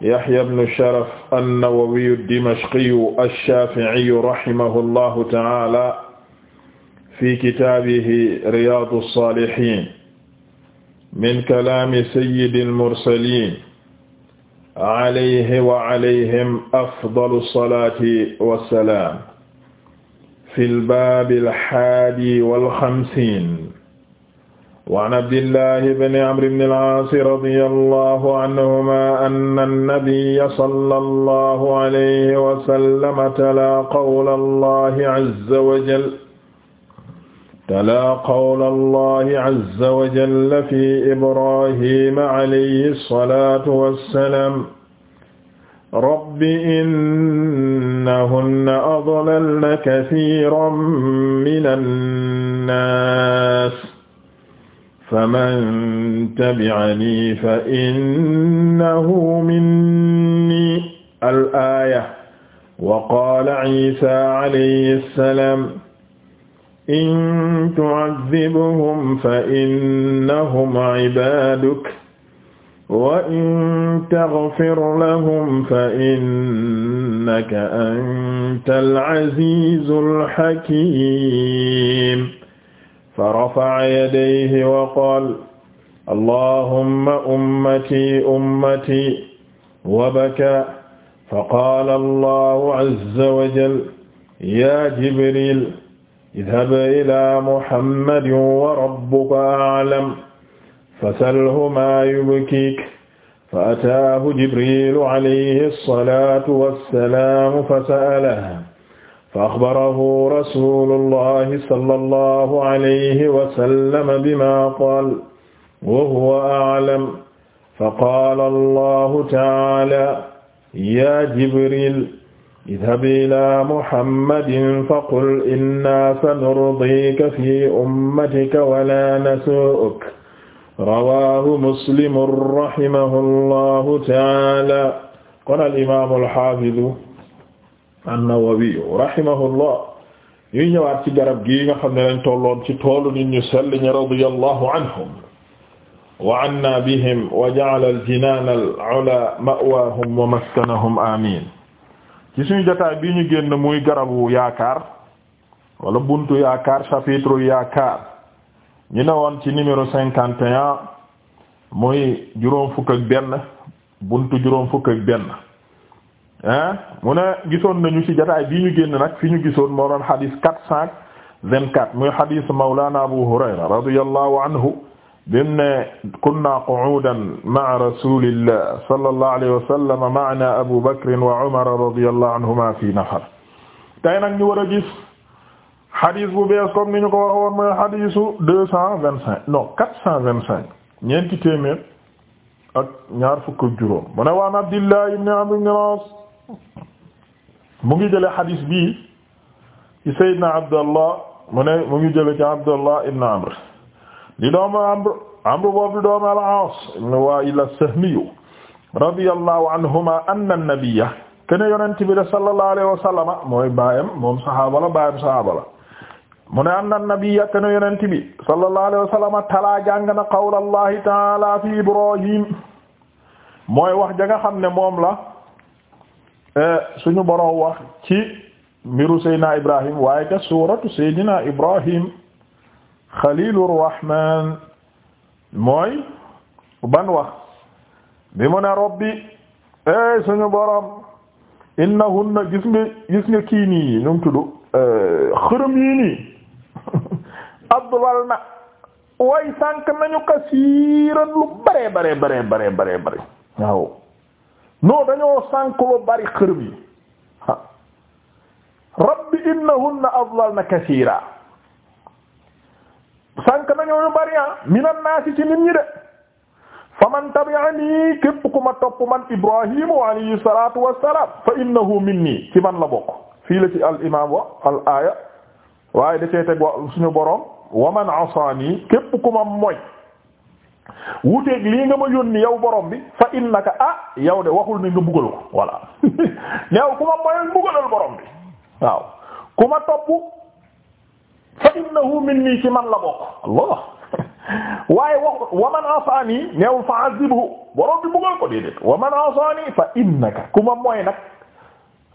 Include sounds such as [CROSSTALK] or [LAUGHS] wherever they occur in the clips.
Yahya ibn Sharaf an-Nawawi ad-Dimashqi ash-Shafi'i rahimahullahu ta'ala fi kitaabihi Riyaadu s-Saalihiin min kalaami sayyidi l-mursaliin alayhi wa alayhim afdalu s-salaati wa s-salaam fil baabil haadi wal khamsiin وعن عبد الله بن عمرو بن العاص رضي الله عنهما أن النبي صلى الله عليه وسلم تلا قول الله عز وجل تلا قول الله عز وجل في إبراهيم عليه الصلاة والسلام رب إنهن أضللن كثيرا من الناس faman tabi'ani fa innahu minni al-aaya wa qaala Iisaa alayhi salaam in tu'adhibhum fa innahum ibaaduk wa in taghfir lahum fa innaka antal aziizul hakiim fa rafa'a yadayhi wa qaala allahumma ummati ummati wa bakaa fa qaala allahu azza wa jalla yaa jibriil idhab ilaa muhammadin wa rabbuka a'lam fasalhu maa yubkiik fa ataahu jibriilu alayhi salaatu wa salaam fasa'alahu fa axbarahu rasulullahi sallallahu alayhi wa sallam bima qaala wa huwa a'lam fa qaala allahu ta'aala ya jibril idhab ila muhammadin faqul inna sanurdika fi ummatika wa la nasu'uka rawahu muslimun rahimahu allahu ta'aala qaala al-imaam al-haafiz an-Nawawi rahimahullah ñuy ñëwaat ci garab gi nga xam ne lañ tolloon ci toolu nit ñu sell ñi radiyallahu anhum wa anna bihim wa ja'ala al-jinaan al-'ulaa ma'waahum wa maskanahum amiin ci suñu jotaay bi ñu génn muy garabu yaakaar wala buntu yaakaar chapitre yaakaar ñu ne woon ci numéro cinquante et un muy juróom fukk ak benn buntu juróom fukk ak benn ah mu ne gisoon nañu ci jotaay bii ñu génn nag ñu gisoon moo doon xadis quatre cent vingt-quatre muy xadis Mawlana Abu Hurayra be anhu bim ne ma qu'udan ma'a rasulillah sallallahu alayhi wa sallam ma'ana Abu Bakr wa Umar radiyallahu anhuma fi nafar tey nag ñu war a gis xadis bu bees comme ni ñu ko waxoon mooy xadisu deux cent vingt-cinq non quatre cent cinq ñeenti téeméer ak ñaar fukk ak juróom mu ne waan Abdillah ibn Amr mu ngi jële xadis bii ci Seydina Abdallah mu ngi jële ci Abdallah ibn Amr di doomu Amr Amr boobu di doomu al-Aas ibn Waa'il as-Sahmiyu radiyallahu anhuma anna an-nabiyya kene yonent bi de sallallahu alayhi la baayam la mu ne anna an-nabiyya kene yonent bi sallallahu alayhi wa sallama talaa jàng ta'ala fi Ibrahim mooy wax ja xam ne moom la Eh, suñu boroom wax ci mbiru Seydina Ibrahim waaye ca suuratu Seydina Ibrahim Xaliilur Rahmaan mooy ban wax bi mu ne Rabbi eh suñu boroom innahunna gis nga gis nga kii nii ñu ngi tudd eh, xërëm yii nii [LAUGHS] way sànk nañu kasiiran lu bare bare bare bare bare bare waaw non dañoo sànk lu bari xërëm yi rabbi innahunna adlalna kasiira sànk nañoo ñu bari ah minan naasi ci nit ñi de fa man tabi'ani képp ku ma topp man ibrahimu alayhi salatu wassalam fa innahu minni ci man la bokk fii la ci al imam wa al aaya waaye da cee teg wa suñu boroom wa man asaani képp ku moy wuteeg lii nga ma yónni yaw borom bi fa innaka ah yow de waxul ni nga bugal ko voilà [LAUGHS] yow ku ma moyoon bugalal waaw ku ma topp fa innahu minni ci man la bokk Allah [LAUGHS] waaye waxul wa man asaani neewul fa azibhu borom bi bugal ko déedéet wa man asaani fa innaka ku ma mooy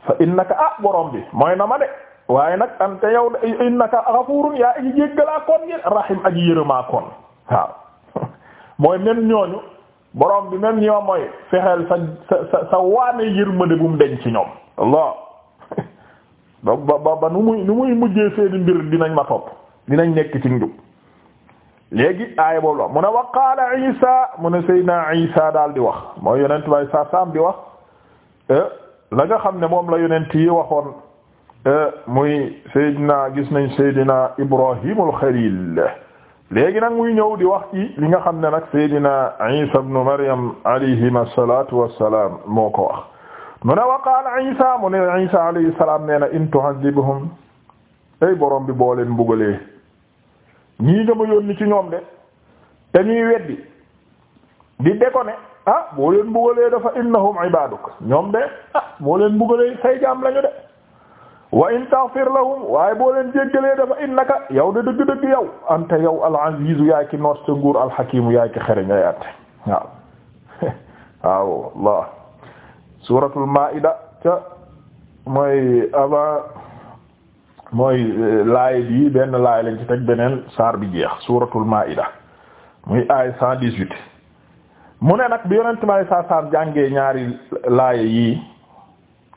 fa innaka ah borom bi mooy na ma de waaye nag ante yow de innaka ghafurun yaa aji jéggalaa koon rahim aji yërëmaa koon waaw. mooy même ñooñu borom bi même ñoo mooy fexeel sa sa sa waane yërmande bu mu deñ ci ñoom Allah [LAUGHS] ba ba ba nu muy nu muy mujjee seeni mbir dinañ ma topp dinañ nekk ci njub léegi aaya boobu la mu ne wa qaala Isa mu ne Seydina Isa daal di wax mooy yonent bay sa saam di wax euh, la nga xam ne moom la yonent yi waxoon euh, muy Seydina gis nañ Seydina Ibrahimul Xaliil léegi nag muy ñëw di wax ci li nga xam ne nag Seydina Isa ibn Maryam alayhim asalatu wassalam moo ko wax mu ne wa qaala Isa mu ne Isa alayhi salaam nee na in tu'adhibhum ay borom bi boo leen mbugalee ñii nga ma yónni ci ñoom de te ñuy weddi di déconné ah boo leen mbugalee dafa innahum ibaduk ñoom de ah boo leen mbugalee say jaam lañu de wa in taghfir lahum waaye boo leen jéggalee dafa innaka yow de dëgg-dëgg yow anta yow al-azizu yaay ki noot sa nguur al-hakimu yaay ki xereñ ay atte waaw [LAUGHS] waaw Allah suratul mooy avant eh, bi benn laay lañ ci teg beneen saar bi jeex suratul maida muy aay cent dix-huit mu ne nag bi saa saar jàngee ñaari laay yi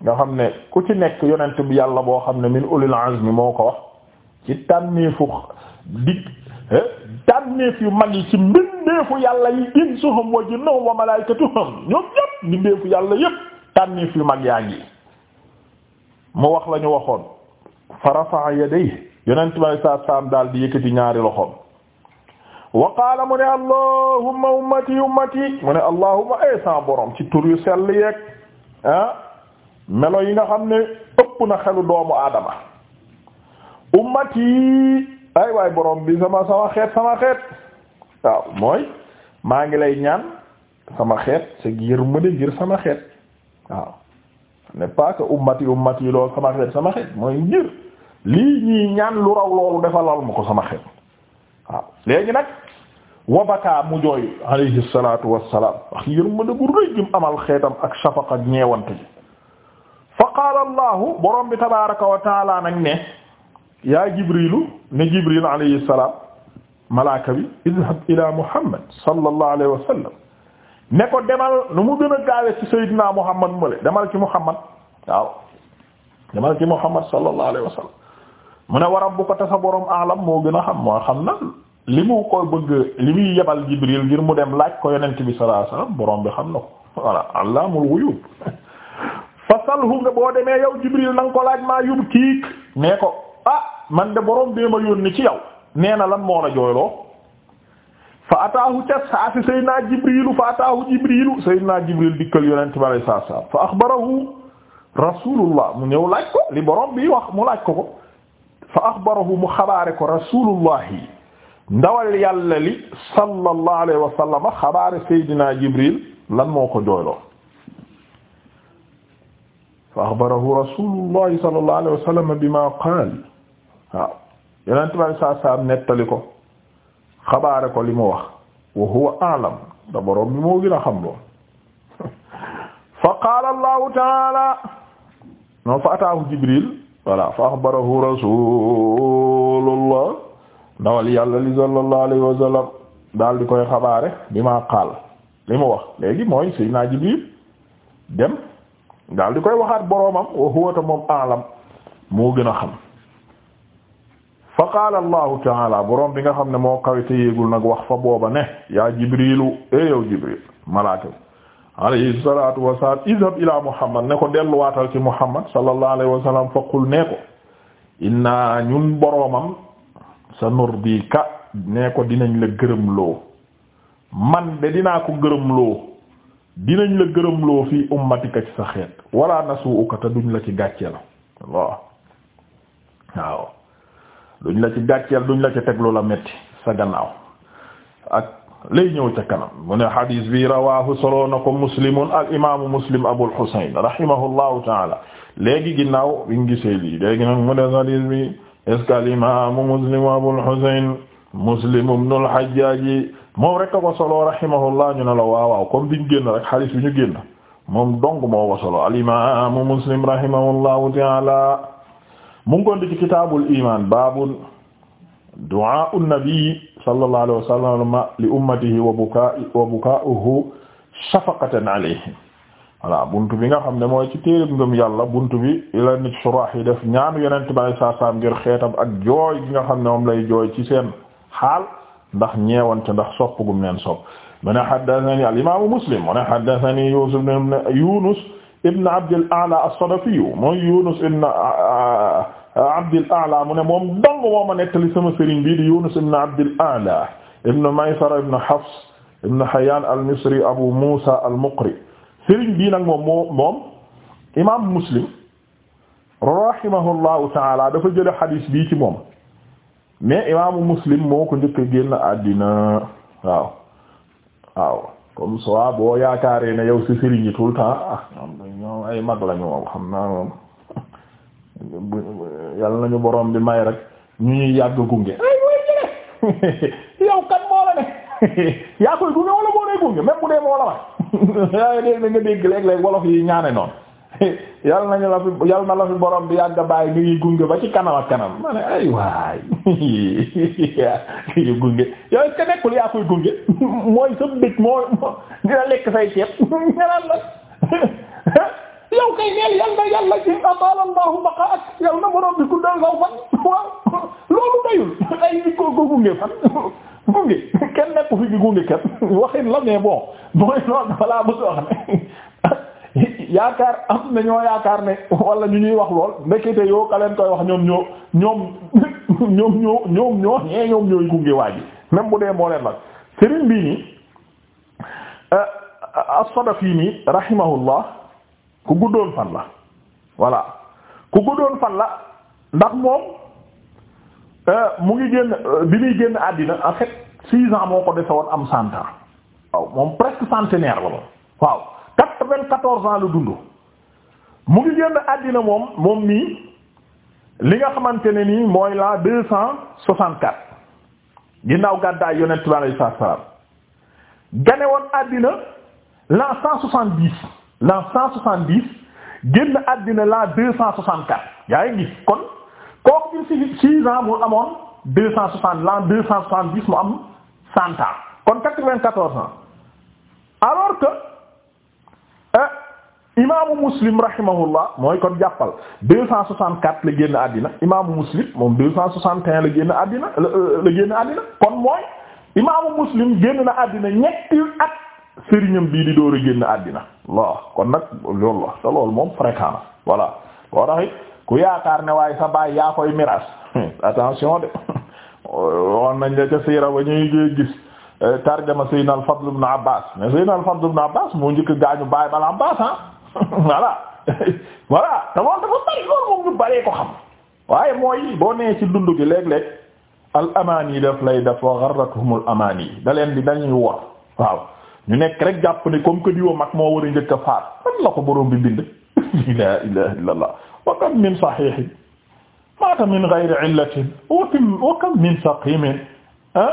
nga xam ne ku ci nekk yonent bi yàlla boo xam ne min ulil azmi moo ko wax ci tànneefu dig eh, tànneef yu mag yi ci mbindeefu yàlla yi insuhum wa jinnahum wa malaikatuhum ñoom ñépp mbindeefu yàlla yépp tànneef yu mag yaa ngi mu wax la waxoon fa rafa'a yadayhi yonent bi alayhi salaatu daal di yëkkati ñaari loxoom wa qaala mu ne allahumma ummati ummati mu ne allahumma ay eh, sa borom ci tur yu sell yeeg ah, melo yi nga xam ne ëpp na xelu doomu aadama ummati ay waay borom bi sama sama xeet sama xeet waaw mooy maa ngi lay ñaan sama xeet c'est yërmande ngir sama xeet waaw n'est pas que ummati ummati loolu sama xeet sama xeet mooy ngir lii ñii ñaan lu raw loolu defalal ma ko sama xeet waaw léegi nag wabaka mu jooy alayhi salaatu wassalaam wax yërmande gu rëy gi mu amal xeetam ak safaqa ñeewante ji fa qaala allahu borom bi tabaraka wa nag ne yaa jibrilu ne jibril alayhi salaam malaaka bi idhab ila muhammad sallallahu alayhi wa sallam ne ko demal nu mu gën a gaawe ci sayyidina muhammad mu le demal ki muhammad waaw demal ci muhammad sallallahu alayhi mu ne wa rabbuka ta sa borom aalam moo gën a xam moo xam na li mu koy bëgg li muy yebal jibril ngir mu dem laaj ko yonent bi sallallahu alayhi borom bi xam na ko voilà allaamul ghuyub [LAUGHS] salhu nga boo demee yaw Jibril na ko laaj maa yub kiik nee ko a ah, man de borom bee ma yónni ci yow nee na lan moo la jooyloo fa ataahu ca saasi Seydina Jibrilu fa ataahu Jibrilu Seydina Jibril dikkal yonent bi salaam fa axbarahu rasulullah mu ñëw laaj ko li borom bi wax mu laaj ko ko fa axbarahu mu xabaare ko rasulullahi ndawal yàlla li sallallahu alayhi wa sallam xabaare Seydina Jibril lan moo ko jooyloo fa axbarahu rasulullahi sallallahu alayhi bima qaal waaw yonent bi alei nettali ko xabaare ko li mu wax wa huwa a'lam da bi moo gën xam lool [LAUGHS] fa qaala allahu taala noon fa ataahu jibril voilà fa axbarahu rasulullah ndawal yàlla li sallallahu alayhi wa sallam daal di koy xabaare bima qaal li mu wax léegi mooy Seydina Jibril dem daal di koy waxaat boroomam wa huwa moom aalam moo gën a xam fa qaala allahu taala boroom bi nga xam ne moo kawe te nag wax fa booba ne yaa jibrilu e eh yow jibril malaaka bi alayhi salatu wasalam idhab ila muhammad ne ko delluwaatal ci muhammad sallallahu alayhi wa sallam fa qul nee ko inna ñun boroomam sa nurdika nee ko dinañ la gërëmloo man de dinaa ko gërëmloo dinañ la gërëmloo fii ummatika ci sa xeet wala nasuuka te duñ la ci gàcceel waaw duñ la ci gàcceel duñ la ci teglu la metti sa gannaaw ak lay ñëw ca kanam mu ne xadiis bi rawaahu soloo na ko muslimun al imaamu muslim abul xuseyn rahimahullahu taala léegi ginnaaw bi ñu gisee lii bi est-ce al imaamu muslim abul xuseyn muslim ibnul xajjaaji moom rek a ko solo rahimahullah ñu ne la waawaaw comme biñ génn rek xaalis bi ñu génn moom dong moo ko solo al imaamu muslim rahimahullahu taala mu ngi koon di ci kitaabul iman baabun du'a an-nabi sallallahu alayhi wa sallam bi nga xam ne mooy ci téeréb ngëm yàlla buntu bi la nit surah yi def ñaanu yonent bi saa ngir xeetam ak jooy gi nga xam ne moom lay jooy ci seen xaal ndax ñeewante ndax sopp gum leen sopp mu ne haddathani al imaamu muslim mu ne haddathani yusuf ibn yunus ibn abd al a'la as-sadafi mooy yunus ibn abd al a'la mu ne moom dong moo ma nettali sama sëriñ bi di yunus ibn abd al a'la ibn maysara ibn hafs ibn hayyan al-misri abu musa al-muqri sëriñ bi nag moom moo moom imam muslim rahimahullahu ta'ala dafa jël hadith bi ci moom mais imaamu muslim moo ko njëkk a génn àddina waaw waaw comme ça boo yaakaaree ne yow si sëriñ yi tout le temps ah ñoom ay mag lañu moom xam naa moom yàlla nañu borom bi may rek ñu ñuy yàgg gunge ay mooy jële yow kat moo la ne yaa koy gunge wala moo lay gunge même bu dee moo la wax [LAUGHS] yaa dégg na nga dégg léeg-léeg wolof yi ñaane noonu [LAUGHS] yal nañu la fi yal na la fi borom bi yàgg bàyyi nga ñuy gunge ba ci kanam ak kanam ma ne ay waay yu [LAUGHS] gunge yooyu te nekkul yaa koy gunge [LAUGHS] mooy sa bëj mooy dina lekk say ceeb ñeraan la yow kay neel yal na yàlla ci atala allahu baqa ak yal na borom bi guddal saw fan waaw loolu dayul ay nit ko gunge fan gunge kenn nekku fi gi gunge kenn waxin la mais bon mooy loolu balaa bëgg wax ne yaakaar am na ñoo yaakaar ne wala ñu ñuy wax lool ndekete yoo ka leen koy wax ñoom ñoo ñoom ñoom ñoo ñoom ñoo ñee ñoom ñooy gunge waa ji même bu dee moo leen nag sëriñ bii nii eh, as-Sadafi nii rahimahullah ku guddoon fan la voilà ku guddoon fan la ndax moom eh, mu ngi génn bi muy génn àddina en fait six ans moo ko defe woon am cent ans waaw moom presque centenaire la moom waaw quatre-vingt-quatorze ans lu dund mu ngi génn àddina moom moom nii li nga xamante ne nii mooy la deux cent soixante-quatre ginnaaw gàddaay yonent bi alayhi salaam gane woon àddina l'an cent soixante-dix l'an cent soixante-dix génn deux cent soixante-quatre yaa ngi gis kon kooku ci l'an deux cent soixante-dix mu am cent ans quatre-vingt-quatorze ans alors que imaamu muslim rahimahullah mooy kon jàppal deux cent soixante la génn àddina imaamu muslim moom deux cent soixante et un la génn àddina euh, la génn àddina kon mooy imaamu muslim génn na àddina ñetti at sëriñam bii di door a génn àddina waaw kon nag loolu la te loolu moom fréquent na voilà boo ku yaakaar ne waaye sa baay yaa koy miraas [LAUGHS] attention de woon nañ la ca siira ba ñuy gis euh, tarjama Seydina al-Fadl ibn Abbas mais Seydina al-Fadl ibn Abbas moo njëkk gaañu baay bal Abbas ah. [LAUGHS] voilà [LAUGHS] voilà te loolu dafa bari waaye mooy boo nee ci dund gi léeg-léeg al amaan yi daf lay def wa gharratuhumul amaan yi da leen di dañuy waaw ñu nekk rek jàpp ne comme que diwa mag moo la ko boroom [LAUGHS] wa kam min sahihin mata min ghayri illatin wa kam min saqimin ah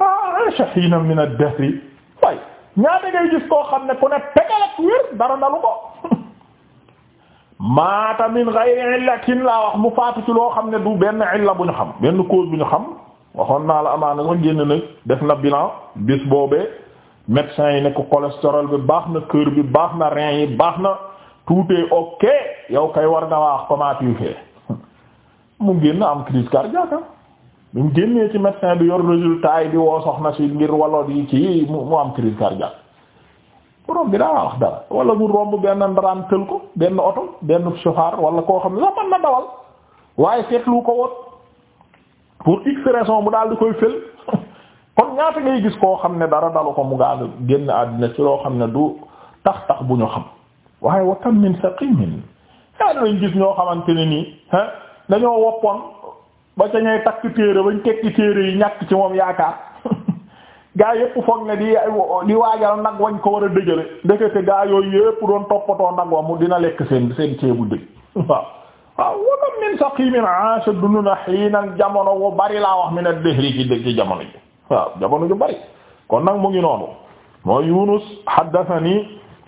aasha ah, hiina min ad-dahri waay ñaata ngay gis koo xam ne ku ne tegal wér dara dalu ko maata min ghayri illatin laa wax mu faatu ci loo xam ne du benn illa bu ñu xam benn cause bu ñu xam waxoon naa la amaana sax génn nag def na bilan bis boobee médecin yi ne ko bi baax na cœur bi baax na rein yi baax na tout est ok yow kay war nga wax comment tu fais [LAUGHS] mu génn am crise cardiaque ah. bi mu génnee ci médecin bi yor résultat yi di woo soxna si ngir walo di ci mu am crise cardiaque borom bi daa wax dara wala mu romb benn ndaraan tël ko benn oto benn chauffeur wala koo xam ne sax mën na dawal waaye seetlu ko woon pour x raison mu daal di koy fël [LAUGHS] kon ñaata ngay gis koo xam ne dara dalu ko mu gaal génn àddina si loo xam ne du tax tax bu ñu xam waaye wa kam min saqimin yaa dinañ gis ñoo xamante ne nii dañoo woppoon ba ca ñay takk téere bañ tekki téere yi ñàkk ci moom yaakaar [LAUGHS] gaa yépp foog ne di di waajal nag wañ ko war a dëjale ndekete gaa yooyu yépp doon toppatoo nag wa mu dina lekk seen seen ceebu dëj [LAUGHS] waaw waaw wamam min saqimin aasha dund na xiinan jamono wu bari laa wax mi ne dehri ci dëj ci jamono ji waaw jamono ju bari kon nag mu ngi noonu mooy yunus haddathani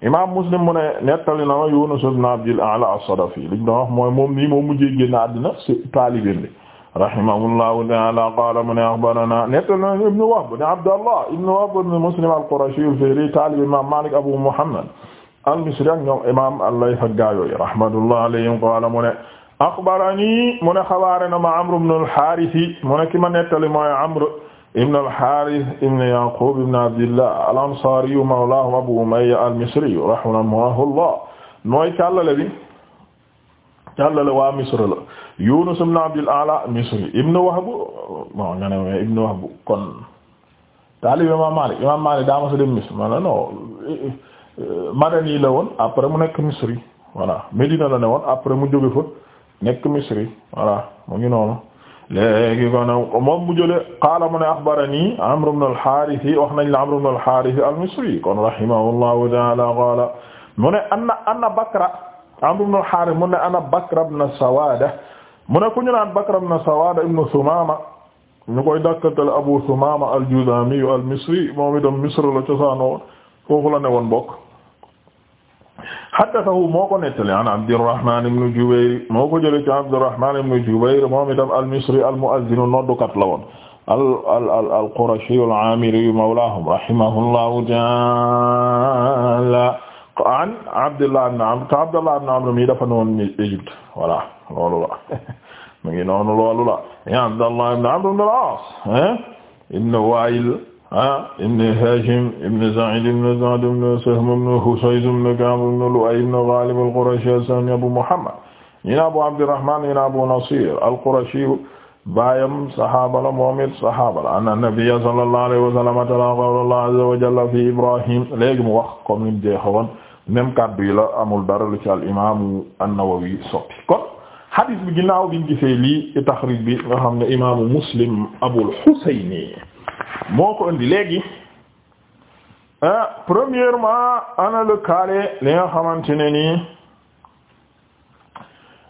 imam muslim mu ne nettali na ma yunus ibn abdil a'la as-sadafi liñ doon wax mooy moom nii moom mujjee génn àddina si taalibeen bi rahimahullahu ta'ala qala mu ne akhbarana nettana ibnu Wahb ne Abdallah ibnu Wahb ibnu Muslim al-Qurashi al-Fihri talib imam Malik Abu Muhammad al-Misri ak ñoom imam al-Layth ak gaayooyu rahmatullah alayhim qala mu ne akhbarani mu ne xabaare na ma Amr ibn al-Harith mu ne ki ma nettali mooy Amr ibn al-Harith ibn Yaqub ibn Abdillah al-Ansari mawlahu Abu Umayya al-Misri rahimahullah mooy càllale bi càllale waa misra la Yunus ibn Abdul A'la misri ibn Wahb bon nga ne mais ibn Wahb kon taalib imam Malik imam Malik daa ma sa dem misr madani la woon après mu nekk misri voilà Medina la ne woon après mu jóge fa nekk misri voilà mu ngi noonu léegi kon moom mu jële qaala mu ne axbarani Amr ibn al-Harith wax nañ la Amr ibn al-Harith al-Misri kon rahimahullahu ta'ala qaala mu ne anna Bakra Amr ibn al-Harith mu ne ana Bakr ibn Sawada mu ne ku ñu naan Bakr ibn Sawada ibn Sumama ñu koy dàkkatal Abu Sumama al-Juzami al-Misri moom itam Misr la cosaanoo foofu la ne woon bokk haddathahu moo ko nettali an Abdurrahman ibn Jubayr moo ko jëlee ci Abdurrahman ibn Jubayr moom itam al-Misri al-mu'azzin noddukat la woon al al qurashi al-amiri mawlahum rahimahullahu ta'ala an Abdullah ibn Amr te Abdullah ibn Amr mi dafa noon ni Égypte voilà loolu la [LAUGHS] mu ngi noonu loolu la ya Abdullah ibn Amr ibn al-As ibn Wa'il ibn Hashim ibn Sa'id ibn Sa'd ibn Sahm ibn Husayz ibn Ka'b ibn Lu'ay ibn Ghalib al-Qurashi as-Sahmi Abu Muhammad ñi Abu Abdurrahman ñi Abu Nasir al-Qurashi baayam saxaaba la moom it saxaaba la anna nabiyya sallallahu alayhi wa sallam talaa qawla Allah azza wa jalla fi Ibrahim léegi mu wax comme ni mu jeexoon même kàddu yi la amul dara lu ci al imaamu an-Nawawi soppi kon hadith bi ginnaaw biñ gisee lii ci bi nga xam ne imaamu Muslim Abul Husayni moo ko indi léegi euh, premièrement ana lëkkaale li nga xamante ne nii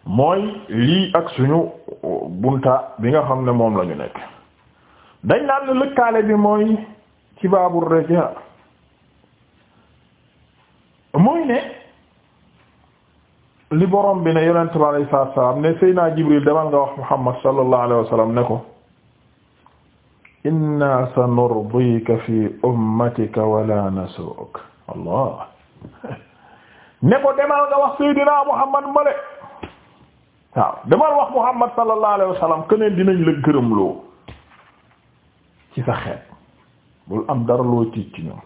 mooy lii ak suñu bunta bi nga xam ne moom lañu nekk dañ naan lëkkaale bi mooy ci baabur mooy ne li borom bi ne yonent bi alayhi salaatu salaam ne Seydina Jibril demal nga wax Muhammad sallallahu alayhi wa sallam ne ko inna sanurdika fi ummatika wala nasuk allah [LAUGHS] ne ko demal nga wax Seydina Muhammad male waaw demal wax Muhammad sallallahu alayhi wa sallam keneen dinañ la gërëmloo ci sa xeet bul am dara loo tiit ci ñoom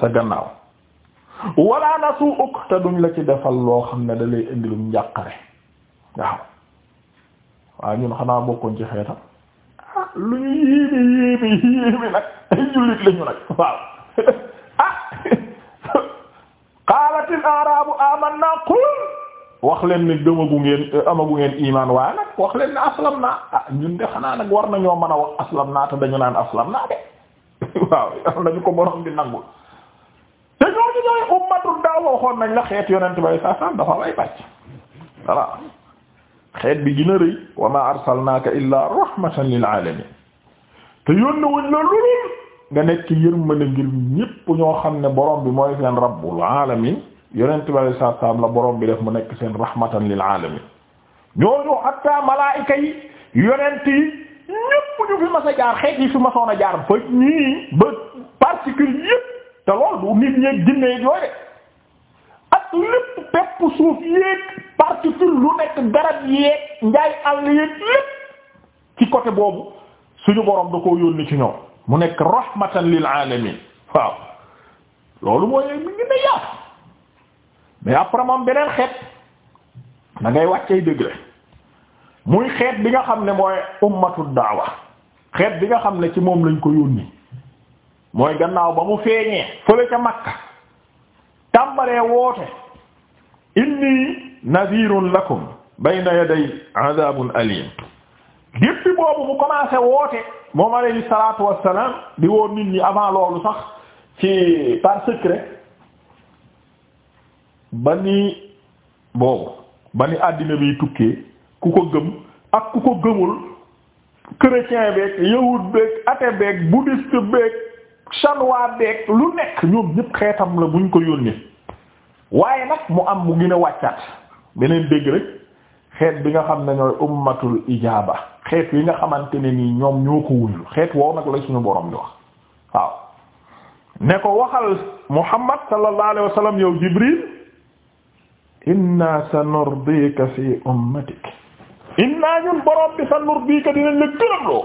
sa gannaaw wala nasu uk te duñ la ci defal loo xam ne da lay indilum njàqare waaw waaw ñun xanaa bokkoon ci xeetam ah lu ñu yéeme yéeme yéeme nag ay jullit lañu nag waaw ah qaalatil arabu amanna qul wax leen ni gëmagu ngeen amagu ngeen iman waaye nag wax leen naa ah ñun de xanaa nag war nañoo mën a wax aslam naa te dañu naan aslam naa de [LAUGHS] waaw yàlla ko borom di nangul te ñooñu ñooy ummatu daaw waxoon nañ la xeet yonent bay saasan dafa bay bàcc xeet bi gën a rëy wa ma arsalnaaka illaa lil alamin te yónni wuñ la lu nga nekk yërmande ngir ñépp ñoo xam ne borom bi mooy seen rabbul alamin yonent bi alei ñépp ñu fi mas a jaar xeet yi fi masoon a jaar ba ñii ba particules yépp te loolu nit ñeeg jinne yooyu ak lépp pepp suuf yéeg particule lu nekk garab yéeg njaay àll yéeg ci côté boobu suñu borom da koo yónni ci ñoom mu nekk rahmatan lil alamin waaw loolu mooy mi ngi ne yaatu mais après moom beneen xeet dangay ngay wàccee degré muy xeet bi nga xam ne mooy ummatu daawa xeet bi nga xam ne ci moom lañ ko yónni mooy gannaaw ba mu feeñee fële ca Makka tàmbalee woote inni nadirun lakum bayna yaday adabun alim déppi boobu mu commencé woote moom alayhi salatu wassalam di woo nit ñi avant loolu sax ci par secret ba ni boobu ba ni àddina bi tukkee ku ko gëm ak ku ko gëmul chrétien beeg yahud beeg athée beeg bouddhiste beeg chanois beeg lu nekk ñoom ñëpp xeetam la buñ ko yónnee waaye nag mu am mu gën a wàccaat beneen dégg rek xeet bi nga xam ne ñooy ummatul ijaaba xeet yi nga xamante ne nii ñoom ñoo ko wuyul xeet woo nag la suñu borom di wax waaw ne ko waxal muhammad sallallahu alayhi wa sallam yow jibril inna sanurdika fi ummatik inna ñun borom bi sanurdika dinañ la gërëmloo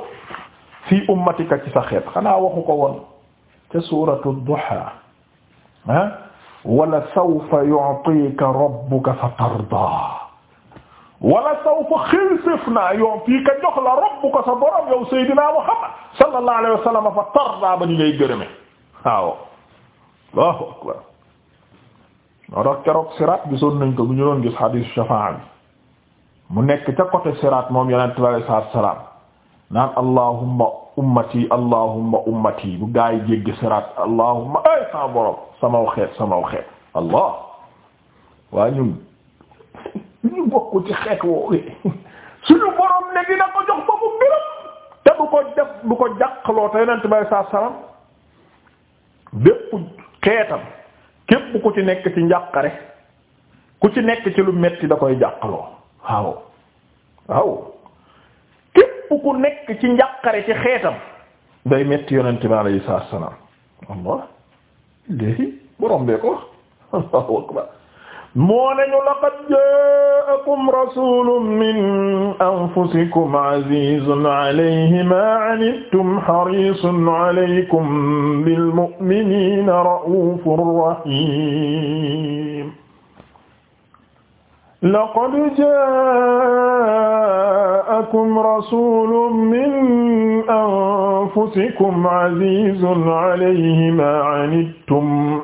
fi ummatika ci sa xeet xanaa waxu ko woon ca suuratu duha ah wala sawfa yu'tika rabbuka fatardaa wala sawfa xilsif naa yu'tika jox la rabbuka sa borom yow Seydina Muhammad sallallahu alayhi wa sallam fatardaa ba ni ngay gërëme waaw Allahu akbar moo tax keroog siraat gisoon nañ ko bu ñu doon gis xadiis shafaa bi mu nekk ca côté siraat moom yonent bi alayhi salaatu wa salaam naan allahumma ummati allahumma ummati bu gaa yi jéggi siraat allahumma ay sama borom samaw xeet samaw xeet allah waa ñun ñu bokk ci xeet woowe suñu borom ne dina ko jox ba mu gërëm te du ko def du ko jàqloo te yonent képp ku ci nekk ci njàqare ku ci nekk ci lu metti da koy jàqloo waaw waaw képp ku nekk ci njàqare ci xeetam day metti yonent bi alayhi salaam allah léegi borom bee ko allahu akbar moo nañu laqad jaakum rasulun min anfusikum azizun alayhi ma anittum harisun alaykum bil mu'minina ra'ufur rahim laqad jaa'akum rasuulun min anfusikum aziizun alayhi maa anittum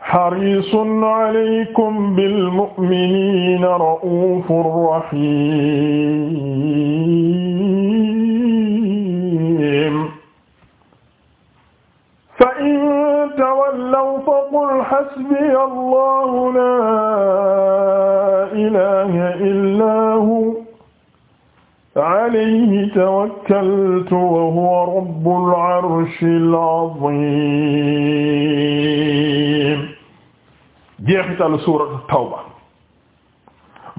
hariisun alaykum bil mu'miniina ra'uufun rahiim fa in tawallaw faqul hasbiya Allahu laa ilaha illaa hu alayhi tawakkaltu wa huwa rabbul arshil azim jeexital suuratu tawba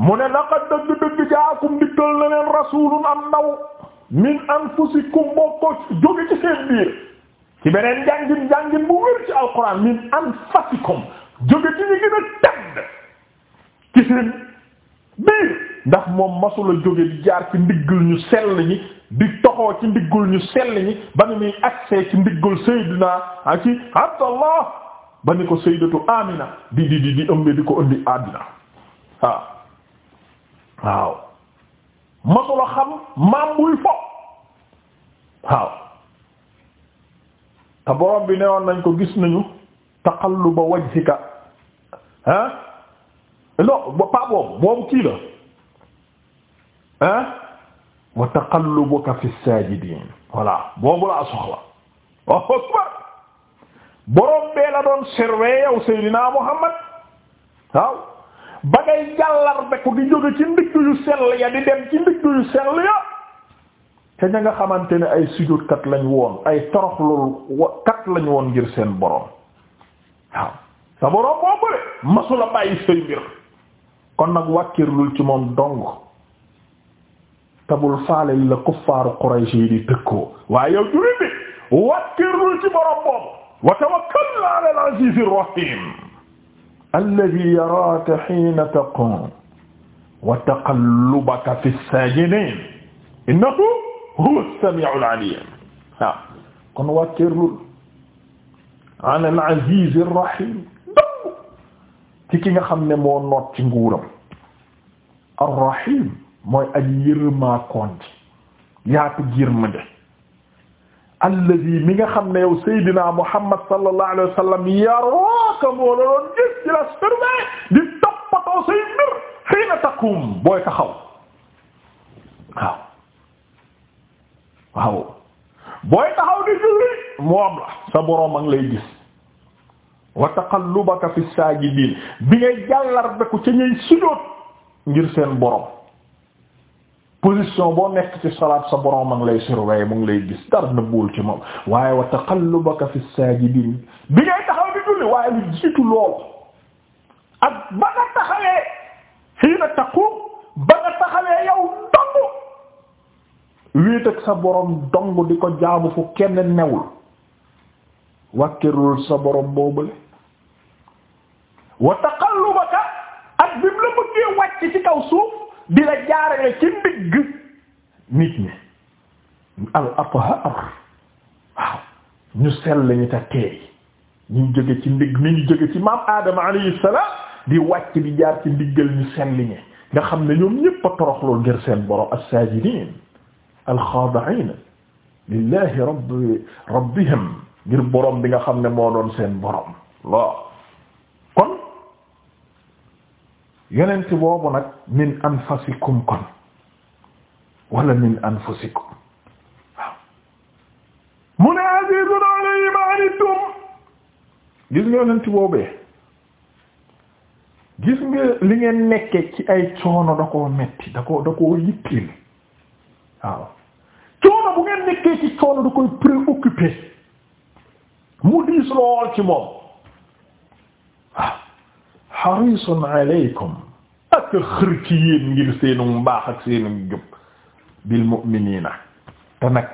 mu ne laqad dëgg-dëgg jaakum dikkal na leen rasulun am ndaw min anfusikum bokkoo jóge ci seen biir ci beneen njàngin njàngin bu wér ci alquran min anfusikum jóge ci ñu gën a tedd ci seen bii ndax moom masula jóge di jaar ci ndiggul ñu sell ñi di toxoo ci ndiggul ñu sell ñi ba ni muy agsee ci ndiggul Seydina ak ci Abdallah ba ni ko Sayyidatu Amina di di di di di ko ëndi àddina waaw waaw masula xam maam buy fo waaw te borom bi newoon nañ ko gis nañu taqalluba wajhika ha non pas boobu boobu kii la ah wa taqallubuka fi saajidin voilà boobu laa soxla wa akbar borom bee la doon serve yow Seydina Muhammad waaw ba ngay jàllar be di jóge ci ndigg yu sell ya di dem ci ndigg yu sell ya te nga xamante ne ay sujud kat lañ woon ay toroxlul kat lañ woon jir seen borom waaw sa borom boo bëre masula bàyyi say mbir kon nag wàkkirlul ci moom dong tabul faale li la kuffaaru Quraysh yi di tëkkoo waaye yow jurit bi wàkkirlul ci borom boobu wa tawakkal ala al-aziz ar-rahim alladhi yaraka hina taqum wa taqallubaka fi as-sajidin innahu huwa as-sami'u al-alim waaw kon wàkkirlul ala al-aziz ar-rahim ci ki nga xam ne moo noot ci nguuram arrahim mooy ak yërmaa koonji yaatu yërmande allazi mi nga xam ne yow saydina muhammad sallallahu alayhi wa sallam yaraaka moo la doon gis di la surveiller di toppatoo say mbir xiina taqum booy taxaw waaw waaw booy taxaw di julli moom la sa boroom a ngi lay gis wa taqallubaka fi saajidiin bi ngay jàllar beku ca ñuy sujóot ngir seen borom position boo nekk ci solaat sa borom a ngi lay surveiller mu ngi lay gis dara na ci moom waaye wa taqallubaka fi saajidiin bi ngay taxaw di julli waaye lu jiitu loolu ak ba nga taxawee hiina taquum ba nga taxawee yow dong wéet sa borom dong di ko jaamu fu kenn newul wàkkirul sa borom boobule wa taqallubaka ak bi mu la bëggee wàcc ci kaw suuf di la jaarale ci ndigg nit ñi al athar waaw ñu sell ñu te teey ñu jóge ci ndigg ni ñu jóge ci maam aadama alayhi salaam di wàcc di jaar ci ndiggal ñu sell ñi nga xam ne ñoom ñépp a toroxloo ngir seen borom as-sajidin al-khadi'in lillahi rabbi rabbihim ngir borom bi nga xam ne moo doon seen borom waaw yonent boobu nag min anfasikum kon wala min anfusikum waaw mu ne azizun alayhi ma anittum gis nga yonent boobee gis nga li ngeen nekke ci ay coono da koo metti da ko da koo yittil waaw coono bu ngeen nekkee ci coono da koy préoccupé mu diis lool ci moom xarisun alaykum ak xër ci yéen ngir seenu mbaax ak seenu jub bil mu'minina te nag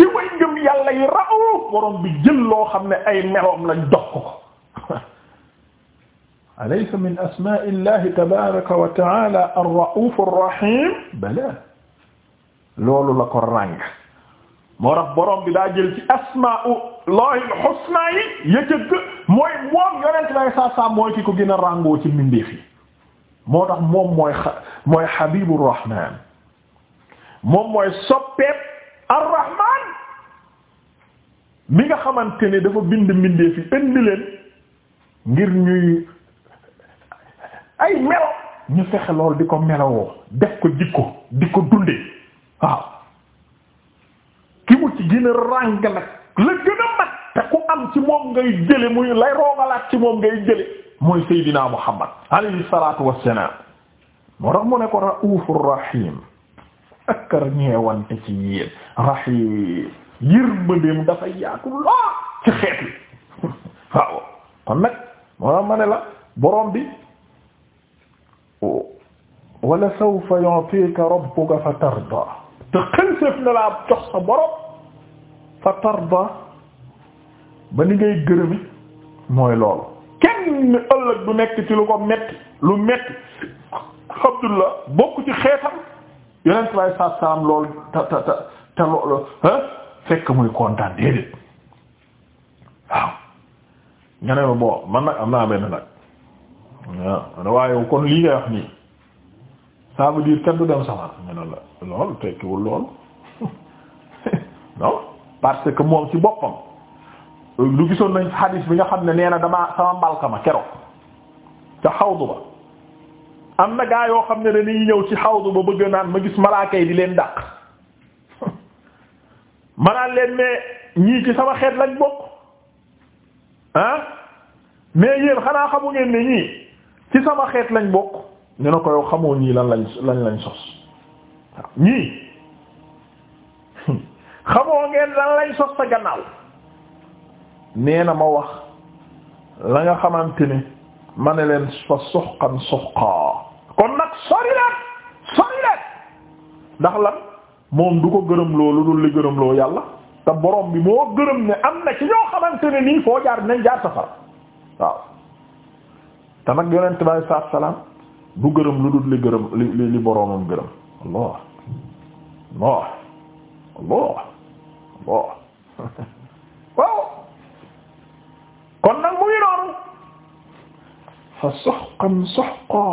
ci way ngëm yàlla yi raw borom bi jël loo xam ne ay meloom lañ dox ko ko [LAUGHS] alaysa min asma'i llahi tabaraka wa ta'ala ar-ra'uf ar-rahim bala loolu la ko ràng moo tax borom bi daa jël ci asma'u llahi al-husna yi mooy moom yonent lay saa saa mooy ki ko gën a ràngoo ci mbindeef yi moo tax moom mooy mooy Habibur Rahman moom mooy soppeeb Ar-Rahman nga xamante ni dafa bind mbindeef yi indi leen ngir ñuy ay melo ñu fexe lool di ko melowoo def ko jikko di ko dundee waaw ki mu ci gën a ràng nag la gën a mat ku am ci moom ngay jële muy lay roogalaat ci moom ngay jële mooy Seydina Muhammad alayhi salaatu wassalaam moo mu ne ko raufur rahim ak ñeewante ci yéen rahim yërmandeem dafa yaatu ci xeet yi [LAUGHS] waaw kon nag moo tax ma ne la borom bi wala sawfa yu'tika rabbuka laa jox sa borom ba ni ngay gërëmi mooy loolu kenn ëllëg du nekk ci lu ko metti lu metti Abdullah bokk ci xeetam yonent lay saa saam loolu te te te te loolu fekk muy kontaan déedéet waaw nga ne ma bon man nag am naa benn nag waaw waaye kon lii ngay wax nii ça veut dire kenn du dem safara ñu la loolu tekkiwul loolu [LAUGHS] non parce que moom ci boppam lu gisoon nañ xadis bi nga xam ne nee na damaa sama mbalka ma keroog ca xawdu ba am na gaa yoo xam ne dañuy ñëw ci xawdu ba bëgg naan ma gis malaaka yi di leen dàq [LAUGHS] ma leen mais ñii ci sama xeet lañ bokk ah mais yéen xanaa xamu ngeen ne ñii ci sama xeet lañ bokk ñu ne ko yow xamoo nii lan lañ lañ lañ sos waaw ñii [LAUGHS] xamoo ngeen lan lañ sos sa gannaaw. nee na ma wax la nga xamante ne ne leen fa soxkan soxkaa kon nag sori leen sori leen ndax lan moom du ko gërëm loolu dul li gërëm loo yàlla te boroom bi moo gërëm ne am na ci ñoo xamante ne nii foo jaar dinañ jaar safara waaw te nag yonent bi alei salatua salaam gërëm lu dul li gërëm li li boromam gërëm allah allah allah allah [LAUGHS] waaw kon nag mu ngi noonu fa soxqan soxqa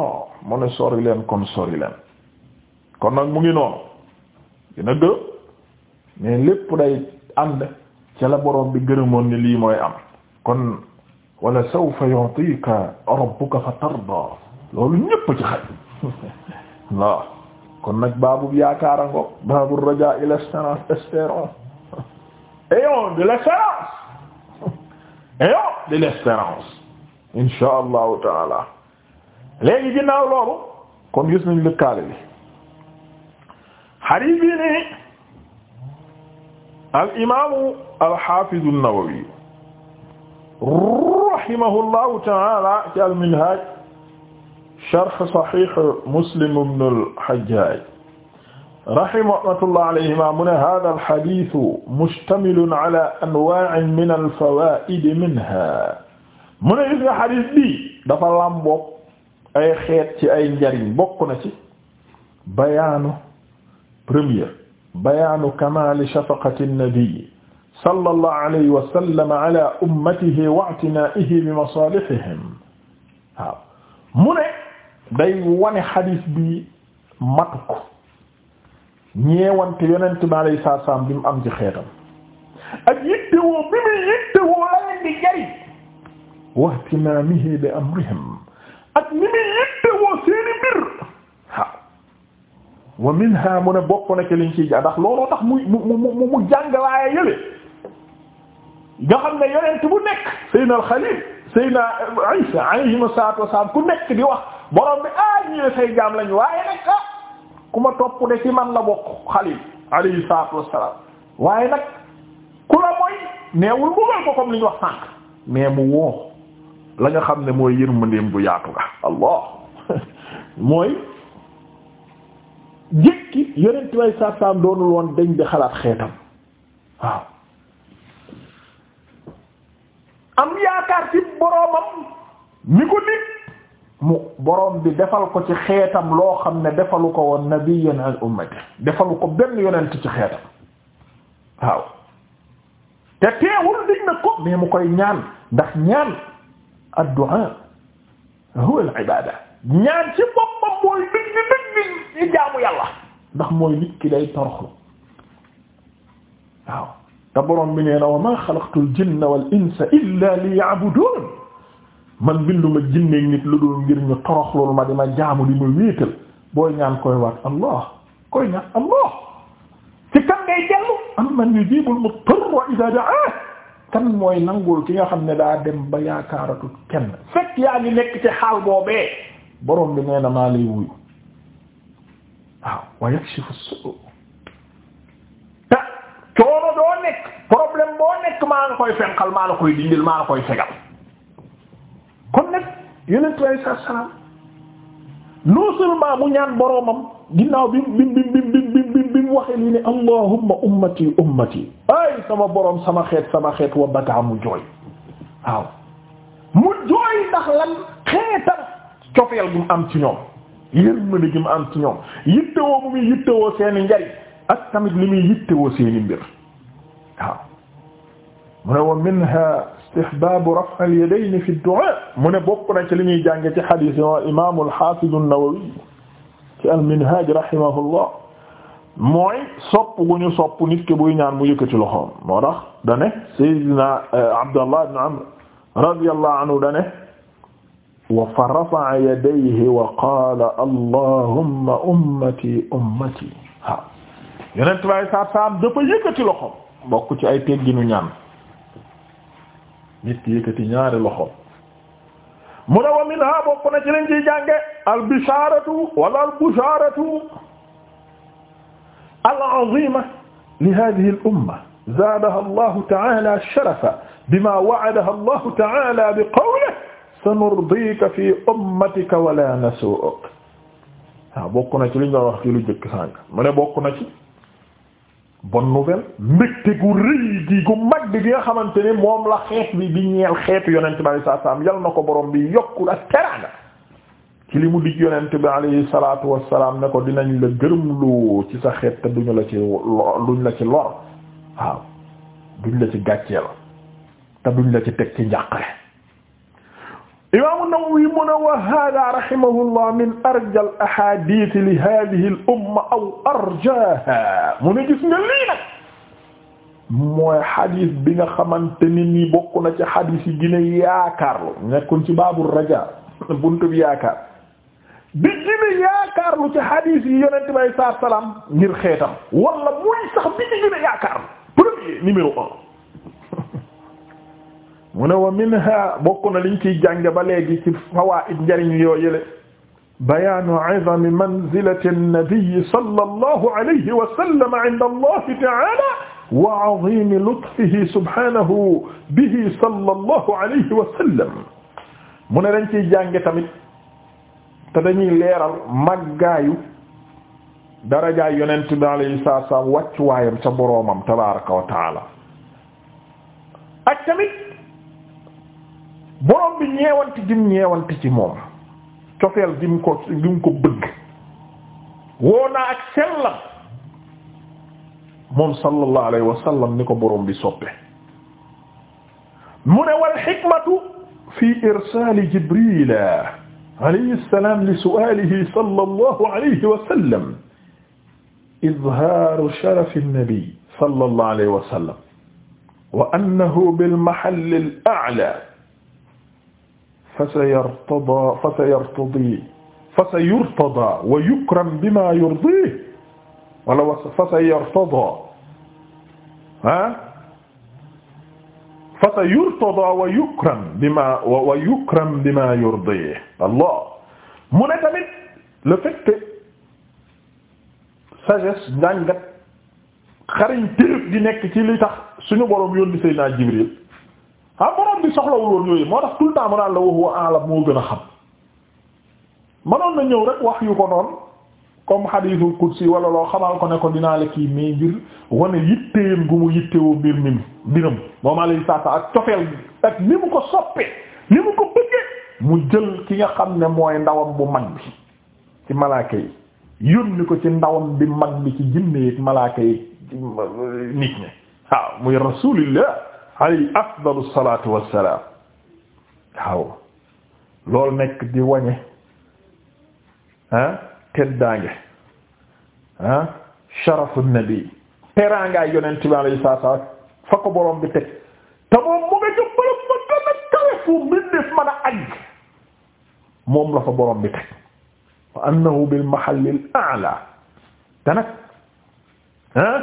mu ne sori leen kon sori leen kon nag mu ngi noonu dina gë mais lépp day ànd ca la borom bi gërëmoon ni lii mooy am kon wala sawfa yu'tika rabbuka fa tarda loolu ñépp ci xaj [LAUGHS] waaw kon nag baabu yaakaara ngo baabu rajaa ila espérance espérance [LAUGHS] ayon de l'espérance eyo de l'espérance insha allahu taala léegi ginnaaw loolu kon gis nañ lëkkaale bi xadiis bii nii al imaamu al xaafizu an-Nawawi rahimahullahu taala ci al minhaj sharh sahih Muslim ibn al Hajjaj rahimahmatullah alayhima mu ne hada alhaditu mustamilun ala anwain min alfawaidi minha mu ne gis nga xadis bii dafa làmboog ay xeet ci ay njariñ bokk na ci bayaanu premier bayaanu kamali shafaqati nnabii sallallahu alayhi wa sallam ala ummatihi wa i'tinaa'ihi bi masalihihim waaw mu ne day wane xadis bi matu ko ñeewante yonent bi alayhi salaam bi mu am ci xeetam ak yittewoo bi muy yittewoo la leen di jariñ wa ihtimaamihi bi amrihim ak ni muy yittewoo seeni mbir waaw wa minha mu ne bokk na ci liñ ciy ja ndax looloo tax mu mu mu mu jàngalaaya yële nga xam ne yonent bu nekk na Alxaliil Seydina Isa alayhi salaatu wa salaam ku nekk di wax borom bi ah ñii ne say jaam lañu waaye nag ah ku ma topp de ci man la bokk xalil alayhi salaatu wassalaam waaye nag ku la mooy neewul bugal ko comme li wax sànq mais mu woo la nga xam ne mooy yërmandeem bu yaatu ga allah [LAUGHS] mooy jëkki yeneen way saasaam doonul woon dañ di xalaat xeetam waaw am yaakaar ci boroomam mi ko nit mu borom bi defal ko ci xeetam loo xam ne defalu ko woon nabiyyan an ummati defalu ko benn yonent ci xeetam waaw te teewul dig na ko mais mu koy ñaan ndax ñaan addu'a al-ibada ñaan ci mooy dig ni dig ndax mooy nit ki day toroxlu waaw te borom bi nee na wa ma xalaqtu al-jinna wal insa illa liya'budun man binduma jinneeg nit lu dul ngir ñu torox loolu ma di ma jaamu di ma wéetal booy ñaan koy waat allah koy ñaan allah ci kan ngay dellu am man yujibul muttarra idha da'ah kan mooy nangul ki nga xam ne daa dem ba yaakaaratu kenn fekk yaa ngi nekk ci xaal boobee borom bi nee na maa lay wuyu waaw wa yakshifu su te doo nekk problème boo nekk maa la koy fenqal maa la koy dindil maa la koy fegal kon nag yonent bi alayhi salaam non seulement mu ñaan boroomam ginnaaw bi mu bi mu bi mu bi mu waxee lii ne allahumma ummati ummati ay sama boroom sama xeet sama xeet wa bataa mu jooy waaw mu jooy ndax lan xeetam cofeel gi mu am ci ñoom yërmande gi mu am ci ñoom yittewoo mu muy yittewoo seeni njariñ ak tamit li muy yittewoo seeni mbir waaw mu ne wa minha istihbaabu raf'i al-yadayni fi ad-du'aa mu ne bokk na ci li ñuy jànge ci xadiis yi imaam al-Haafiz an-Nawawi ci al-Minhaaj rahimahullah mooy sopp gu ñu sopp nit ki buy ñaan mu yëkkati loxoom moo tax dane Seydina euh, Abdallah ibn Amr radiyallahu anhu dane wa fa rafa'a yadayhi wa qaala allahumma ummati ummati ha yonent bi sallallahu alayhi wa sallam dafa yëkkati loxoom bokk ci ay tegginu ñaan nit ki yëkkati ñaari loxo mu ne wa minha bokk na ci lañ ciy jànge al bisharatu wala al busharatu al azima li hadhihi al umma zaadaha allahu ta'ala sharafa bima wa'adaha allahu ta'ala bi qawlihi sanurdika fi ummatika wala nasu'uk waaw bokk na ci liñ doon wax ci lu jëkk sànq mu ne bokk na ci bon nouvelle mbégte gu rëy gi gu mag gi nga xamante ne moom la xeet bi bi ñeel xeetu yonent bi alayhi salaam yal na ko borom bi yokkul ak teraanga ci li mu dig yonent bi alayhi salaatu wassalaam ne ko dinañ la lu ci sa xeet te duñu la ci duñ la ci lor waaw la ci gàcceel te duñ la ci teg ci njàqare imam an-Nawawi mu ne wa hada rahimahullah min arja al ahadith li hadhihi al umma aw arjaha mu ne gis nga lii nag mooy xadis bi nga xamante ni nii bokk na ci xadis yi gën a yaakaarlu nekkoon ci baabul raja buntu bi yaakaar bi gën a yaakaarlu ci xadis yi yonente bi alei salaam ngir xeetam wala muy sax bi ci gën a yaakaarlu premier numéro un mu ne wa minha bokk na liñ ciy jànge ba léegi ci fawaid njariñ yoo yële bayaanu izami manzilati an-nabi sallallahu alayhi wa sallam inda allahi ta'ala wa azimi lutfihi subhanahu bihi sallallahu alayhi wa sallam mu ne dañ ciy jànge tamit te dañuy leeral màggaayu darajaay yonent bi alayhi salaatu wa salaam wàccuwaayam sa boroomam tabaraka wa taala ak tamit borom bi ñeewanti gim ñeewanti ci moom cofeel gim ko gim ko bëgg woo naa ak sellam moom sallallahu alayhi wa sallam ni ko borom bi soppe mu ne wal xikmatu fi irsaali jibrila alayhi salaam li su'aalihi sallallahu alayhi wa sallam izhaaru sharafi nabi sallallahu alayhi wa sallam wa annahu bil mahallil a'laa fa sa yartada fa sa yartadi fa sa yurtada wa yukram bima yurdi wala wa fa sa yartada ah fa sa yurtada wa yukram bima wa yukram bima yurdi Allah mu ne tamit le fait que sagesse njàngat xariñ tërëf di nekk ci li tax suñu borom yónni Seydina Jibril xam borom bi soxlawul woon moo tax tout le mu naan la wax wa moo gën a xam mënoon na ñëw rek wax yu ko noonu comme hadithul qudsi wala loo xamal ko ne ko dinaa la kii mais ngir wane yitteem gu mu yittewoo mbir mi mbiram moom alayhi salaatu ak cofeel ak ni mu ko soppee ni mu ko bëggee mu jël ki nga xam ne mooy ndawam bu mag bi ci malaaka yi yónni ko ci ndawam bi mag bi ci jinne ak yi nit ñi waaw muy rasulillah alayhi afdalu salaatu wassalaam waaw loolu nekk di wañe ah teddaange ah sharafu nabi teraangaay yonent bi alayhi salaam fa ko borom bi teg te moom mu nga jëm bërëb ba gën a kawe fu mbindeef mën a àgg moom la fa borom bi teg wa annahu bil mahallil a'la te nag ah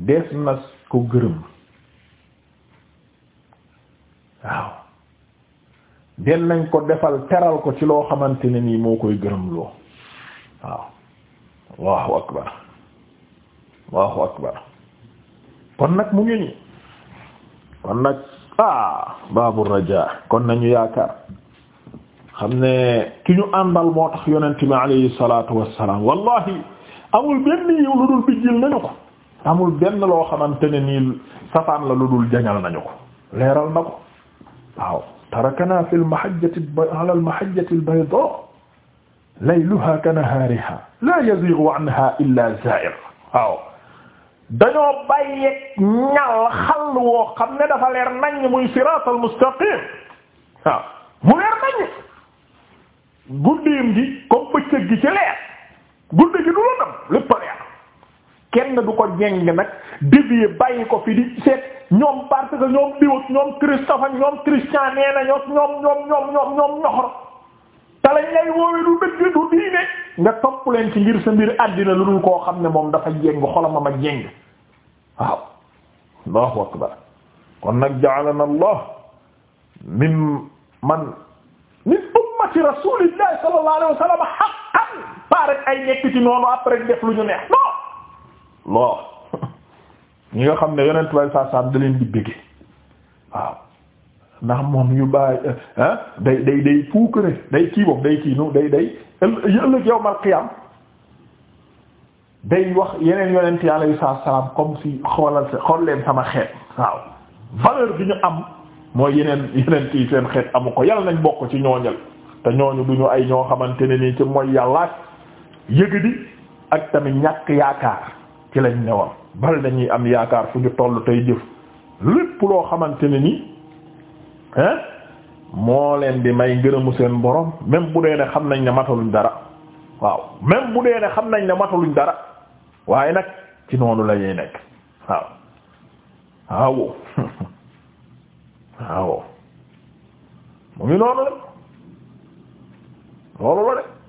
dees na ko gërëm waaw den nañ ko defal teral ko ci loo xamante ne nii moo koy gërëm loo waaw allahu akbar allahu akbar kon nag mu ngi nii kon nag ah babu raja kon nañu yaakaar xam ne ki ñu àndal moo tax yonent bi alayhi salatu wassalam wallahi amul benn yiw lu dul bijjil nañu ko amul benn loo xamante ne nii safaan la lu dul jañal nañu ko leeral na ko waaw tarakana fi lmahajjati ala almahajjati albayda layluha ka nahaariha la yazigu anha illa zair waaw dañoo bàyyeeg ñal xal woo xam ne dafa leer nañ muy sirat al mustaqim waaw mu leer nañ guddiim gi comme bëccëg ci leer guddi gi du la dam kenn du ko jeng nag dévier bàyyi ko fi di seet ñoom parce que ñoom diwut ñoom Christophe ak ñoom Christian nee na ñoom ñoom ñoom ñoom ñoom du dëgg du diine nga topp leen ci ngir sa mbir àddina lu dul koo xam ne moom dafa jéng xolama ma jéng waaw allahu akbar kon nag ja'alana allah min man min ummati rasulillahi sallallahu alayhi wasallam haqqan ba ay nekk noonu après def lu ñu neex non ñi nga xam ne yonent bay saasaan da leen di bëgge waaw ndax moom yu bàyyi ah day day day puukare day kii boobu day kii nu day day ëllëg yawmal qiyaam day wax yeneen yonent yi alayhi salaam comme si xool leen sama xeet waaw ñu am mooy yeneen yonent yi seen xeet amu ko yàlla nañ bokk ci ñooñal te ñooñu duñu ay ñoo xamante ne nii ci mooy yàllaak di ak tamit ñàkk yaakaar ci lañ newoon bal dañuy am yaakaar fu ñu toll tey jëf lépp loo xamante ne ni hein moo leen di may ngërëmu seen borom même bu dee ne xam nañ ne mataluñ dara waaw même bu dee ne xam nañ ne mataluñ dara waaye nag ci noonu la ñuy nekk waaw waaw [LAUGHS] waaw mu ngi noonu loolu la de